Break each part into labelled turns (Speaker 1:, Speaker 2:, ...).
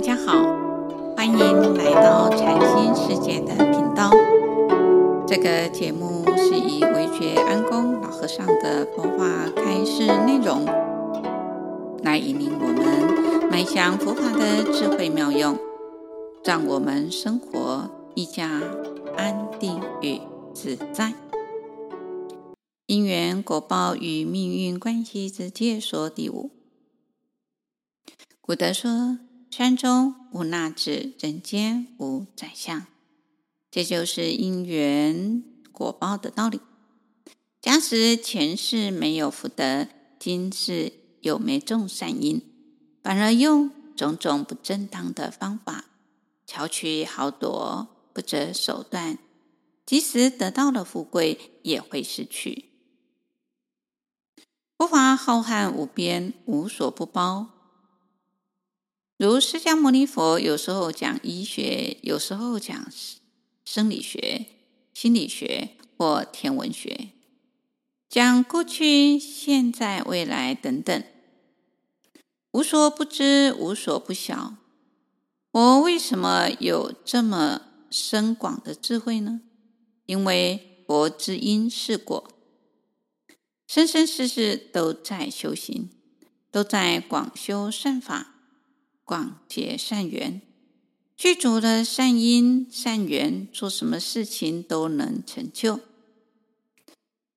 Speaker 1: 大家好，歡迎來到禪心世界的頻道。這個節目是以惟覺安公老和尚的佛法開示內容，來引領我們邁向佛法的智慧妙用，讓我們生活一家安定與自在。因緣果報與命運關係之介說第五，古德說。山中無衲子，人間無宰相。這就是因緣果報的道理。假使前世沒有福德，今世有沒種善因，反而用種種不正當的方法，巧取豪奪，不擇手段，即使得到了富貴，也會失去。佛法浩瀚無邊，無所不包。如釋迦牟尼佛有時候講醫學，有時候講生理學、心理學或天文學，講過去、現在、未來等等，無所不知，無所不曉。佛為什麼有這麼深廣的智慧呢？因為佛知因識果，生生世世都在修行，都在廣修善法。廣結善緣，具足了善因善緣，做什麼事情都能成就。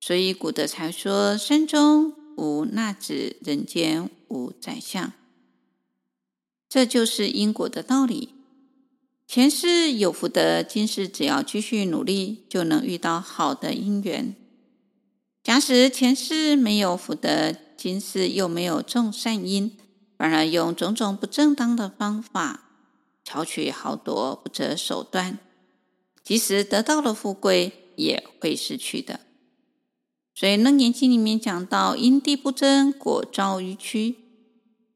Speaker 1: 所以古德才說：“山中無衲子，人間無宰相。”這就是因果的道理。前世有福德，今世只要繼續努力，就能遇到好的因緣。假使前世沒有福德，今世又沒有種善因。反而用種種不正當的方法，巧取豪奪，不擇手段。即使得到了富貴，也會失去的。所以《楞嚴經》裡面講到：“因地不真，果遭迂曲。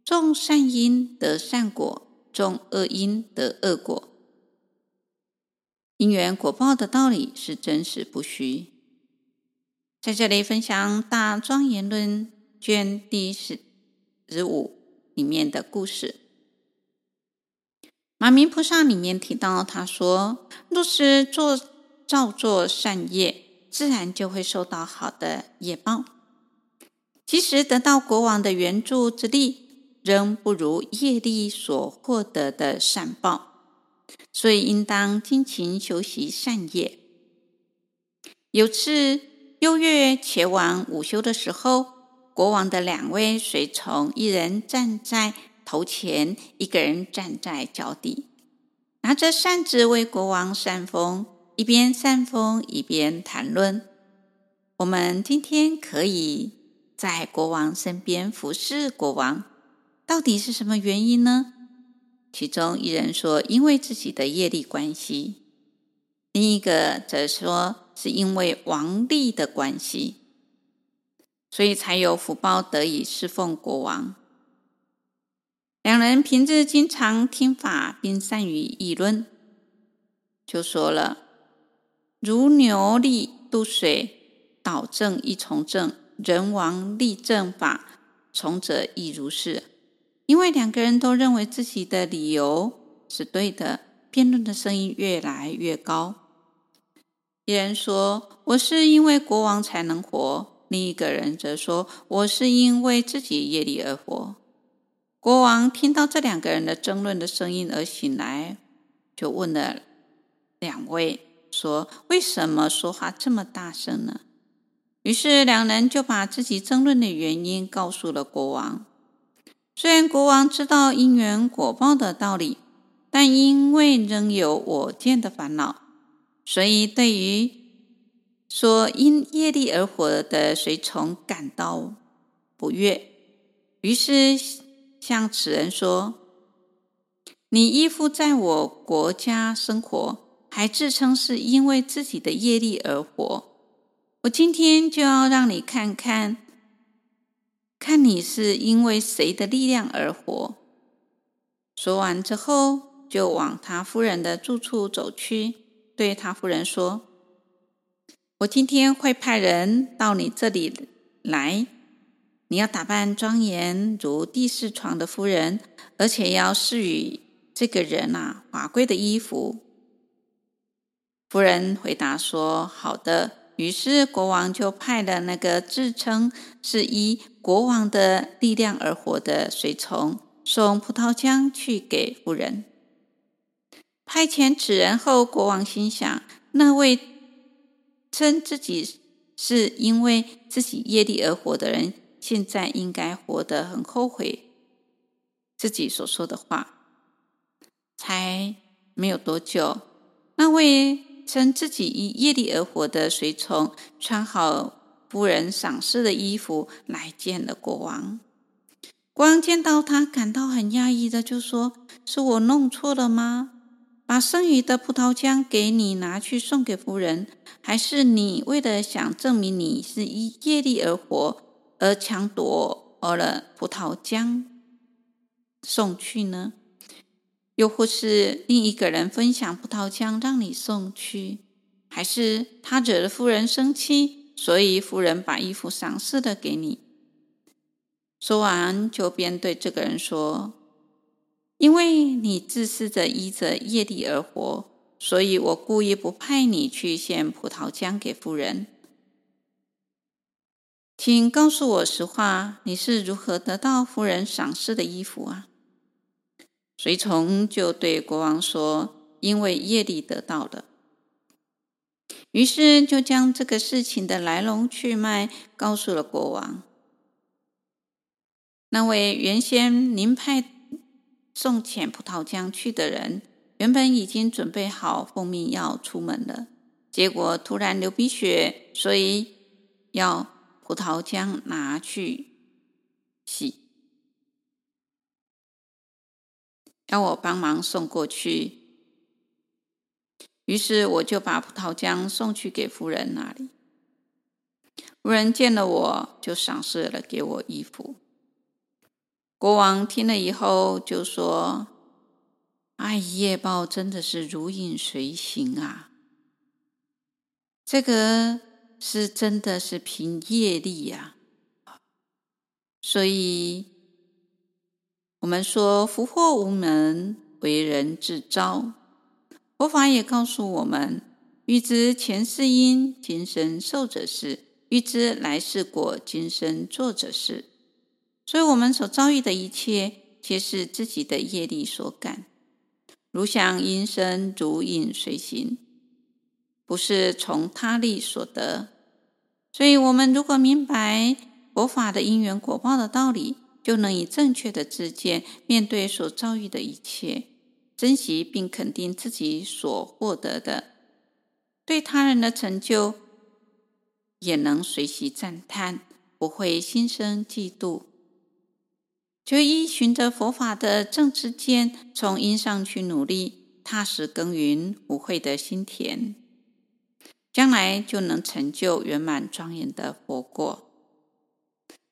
Speaker 1: 種善因得善果，種惡因得惡果。因緣果報的道理是真實不虛。”在這裡分享《大莊嚴論》卷第十十五。裡面的故事，《馬鳴菩薩》裡面提到，他說：“若是做造作善業，自然就會受到好的業報。即使得到國王的援助之力，仍不如業力所獲得的善報。所以，應當精勤修習善業。”有次，憂悅伽王午休的時候。國王的兩位隨從，一人站在頭前，一個人站在腳底，拿着扇子為國王扇風，一邊扇風一邊談論。我們今天可以在國王身邊服侍國王，到底是什麼原因呢？其中一人說：“因為自己的業力關係。”另一個則說：“是因為王力的關係。”所以才有福報得以侍奉國王。兩人平日經常聽法，並善於議論，就說了：“如牛厲渡水，導正從亦正；人王立正法，從者亦如是。”因為兩個人都認為自己的理由是對的，辯論的聲音越來越高。一人說：“我是因為國王才能活。”另一個人則說：“我是因為自己業力而活。”國王聽到這兩個人的爭論的聲音而醒來，就問了兩位說：“為什麼說話這麼大聲呢？”於是兩人就把自己爭論的原因告訴了國王。雖然國王知道因緣果報的道理，但因為仍有我見的煩惱，所以對於說因業力而活的隨從感到不悅，於是向此人說：“你依附在我國家生活，還自稱是因為自己的業力而活，我今天就要讓你看看，看你是因為誰的力量而活？”說完之後，就往他夫人的住處走去，對他夫人說。我今天會派人到你這裡來，你要打扮莊嚴如帝釋幢的夫人，而且要賜予這個人啊華貴的衣服。夫人回答說：“好的。”於是國王就派了那個自稱是依國王的力量而活的隨從，送葡萄漿去給夫人。派遣此人後，國王心想：那位。稱自己是因為自己業力而活的人，現在應該活得很後悔自己所說的話。才沒有多久，那位稱自己以業力而活的隨從，穿好夫人賞賜的衣服來見了國王。國王見到他，感到很訝異的就說：“是我弄錯了嗎？”把剩餘的葡萄漿給你拿去送給夫人，還是你為了想證明你是依業力而活而搶奪了葡萄漿送去呢？又或是另一個人分享葡萄漿讓你送去，還是他惹了夫人生氣，所以夫人把衣服賞賜的給你？說完，就便對這個人說。因為你自恃著依着業力而活，所以我故意不派你去獻葡萄漿給夫人。請告訴我實話，你是如何得到夫人賞賜的衣服啊？隨從就對國王說：“因為業力得到的。”於是就將這個事情的來龍去脈告訴了國王。那位原先您派。送淺葡萄漿去的人，原本已經準備好奉命要出門了，結果突然流鼻血，所以要葡萄漿拿去洗，要我幫忙送過去。於是我就把葡萄漿送去給夫人那裡。夫人見了我就賞賜了給我衣服。國王聽了以後就說：“哎，業報真的是如影隨形啊！這個是真的是憑業力呀、啊。所以，我們說福禍無門，惟人自召。佛法也告訴我們：欲知前世因，今生受者是；欲知來世果，今生作者是。”所以我們所遭遇的一切，皆是自己的業力所感，如響應聲，如影隨形，不是從他力所得。所以，我們如果明白佛法的因緣果報的道理，就能以正確的知見面對所遭遇的一切，珍惜並肯定自己所獲得的；對他人的成就，也能隨喜讚歎，不會心生嫉妒。就依循着佛法的正知見，從因上去努力，踏實耕耘無悔的心田，將來就能成就圓滿莊嚴的佛果。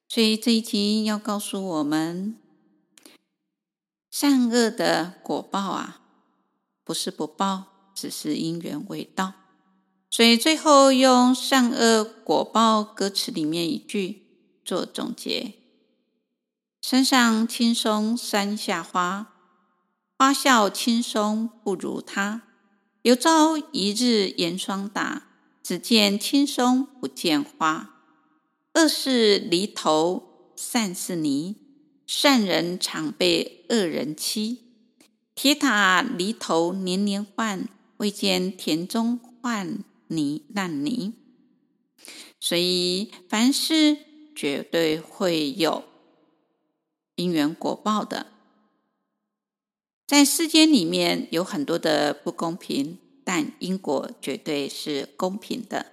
Speaker 1: 所以這一集要告訴我們，善惡的果報啊，不是不報，只是因緣未到。所以最後用《善惡果報》歌詞裡面一句做總結。山上青松，山下花，花笑青松不如他。有朝一日嚴霜打，只見青松不見花。惡是犁頭，善是泥，善人常被惡人欺。鐵打犁頭年年換，未見田中換泥爛泥。所以凡事絕對會有。因緣果報的，在世間裡面有很多的不公平，但因果絕對是公平的。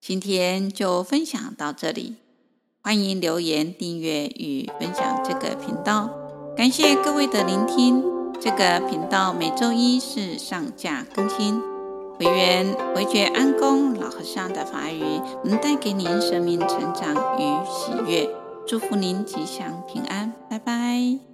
Speaker 1: 今天就分享到這裡，歡迎留言、訂閱與分享這個頻道。感謝各位的聆聽。這個頻道每周一是上架更新。惟願惟覺安公老和尚的法語，能帶給您生命成長與喜悅。祝福您吉祥平安，拜拜。